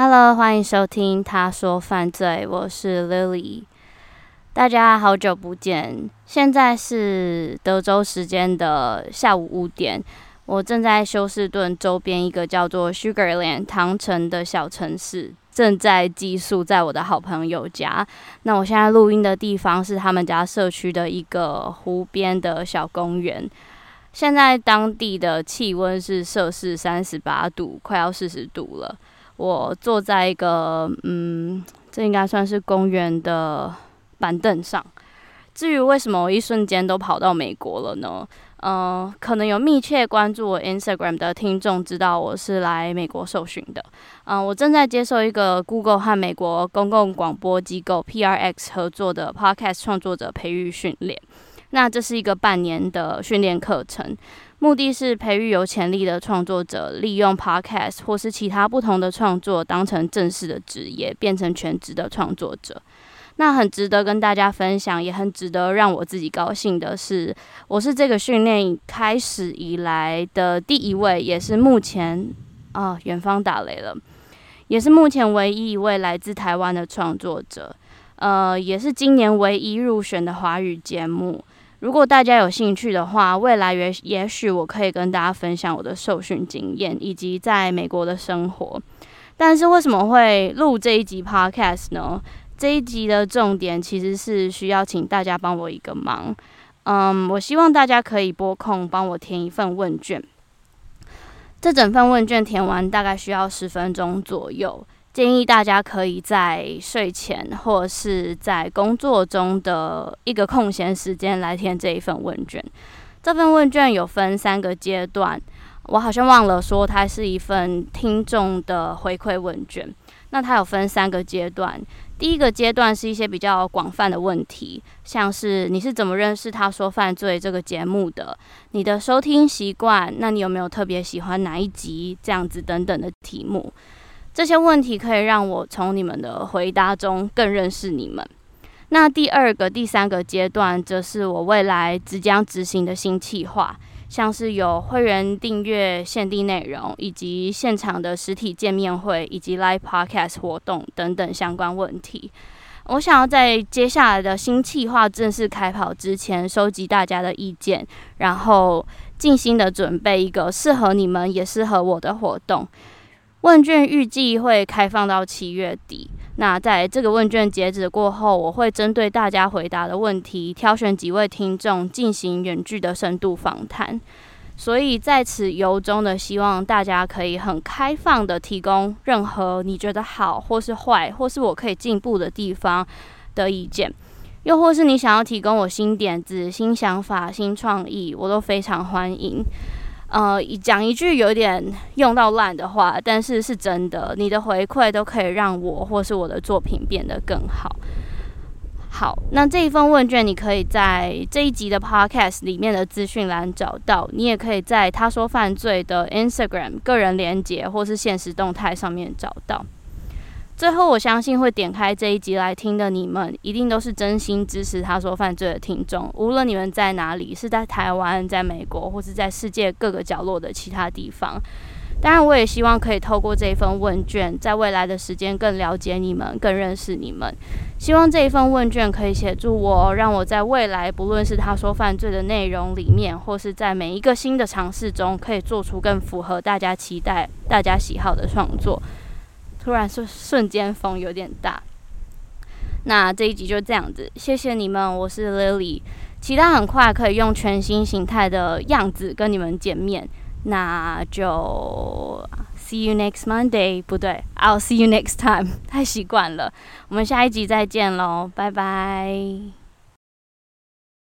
Hello，歡迎收聽《她說犯罪》，我是 Lily。大家好久不見，現在是德州時間的下午五點，我正在休斯頓周邊一個叫做 Sugarland 糖城的小城市，正在寄宿在我的好朋友家。那我現在錄音的地方是他們家社區的一個湖邊的小公園。現在當地的氣溫是攝氏三十八度，快要四十度了。我坐在一個，嗯，這應該算是公園的板凳上。至於為什麼我一瞬間都跑到美國了呢？嗯、呃，可能有密切關注我 Instagram 的聽眾知道我是來美國受訓的。嗯、呃，我正在接受一個 Google 和美國公共廣播機構 PRX 合作的 podcast 創作者培育訓練。那這是一個半年的訓練課程，目的是培育有潛力的創作者，利用 Podcast 或是其他不同的創作當成正式的職業，變成全職的創作者。那很值得跟大家分享，也很值得讓我自己高興的是，我是這個訓練開始以來的第一位，也是目前啊，哦，遠方打雷了，也是目前唯一一位來自台灣的創作者，呃，也是今年唯一入選的華語節目。如果大家有興趣的話，未來也也許我可以跟大家分享我的受訓經驗以及在美國的生活。但是為什麼會錄這一集 Podcast 呢？這一集的重點其實是需要請大家幫我一個忙。嗯，我希望大家可以撥空幫我填一份問卷。這整份問卷填完大概需要十分鐘左右。建議大家可以在睡前或者是在工作中的一個空閒時間來填這一份問卷。這份問卷有分三個階段，我好像忘了說，它是一份聽眾的回饋問卷。那它有分三個階段，第一個階段是一些比較廣泛的問題，像是你是怎麼認識《她說犯罪》這個節目的，你的收聽習慣，那你有沒有特別喜歡哪一集，這樣子等等的題目。這些問題可以讓我從你們的回答中更認識你們。那第二個、第三個階段，則是我未來即將執行的新企劃，像是有會員訂閱、限定內容，以及現場的實體見面會，以及 live podcast 活動等等相關問題。我想要在接下來的新企劃正式開跑之前，收集大家的意見，然後盡心的準備一個適合你們也適合我的活動。問卷預計會開放到七月底。那在這個問卷截止過後，我會針對大家回答的問題，挑選幾位聽眾進行遠距的深度訪談。所以在此，由衷的希望大家可以很開放的提供任何你覺得好或是壞，或是我可以進步的地方的意見，又或是你想要提供我新點子、新想法、新創意，我都非常歡迎。呃，講一句有點用到爛的話，但是是真的。你的回饋都可以讓我或是我的作品變得更好。好，那這一份問卷你可以在這一集的 Podcast 裡面的資訊欄找到，你也可以在她說犯罪的 Instagram 個人連結或是限時動態上面找到。最後，我相信會點開這一集來聽的你們，一定都是真心支持她說犯罪的聽眾。無論你們在哪裡，是在台灣、在美國，或是在世界各個角落的其他地方。當然，我也希望可以透過這一份問卷，在未來的時間更了解你們、更認識你們。希望這一份問卷可以協助我，讓我在未來不論是她說犯罪的內容裡面，或是在每一個新的嘗試中，可以做出更符合大家期待、大家喜好的創作。突然，瞬間風有點大。那這一集就這樣子，謝謝你們，我是 Lily，期待很快可以用全新形態的樣子跟你們見面。那就 See you next Monday，不對，I'll see you next time。太習慣了，我們下一集再見嘍，拜拜。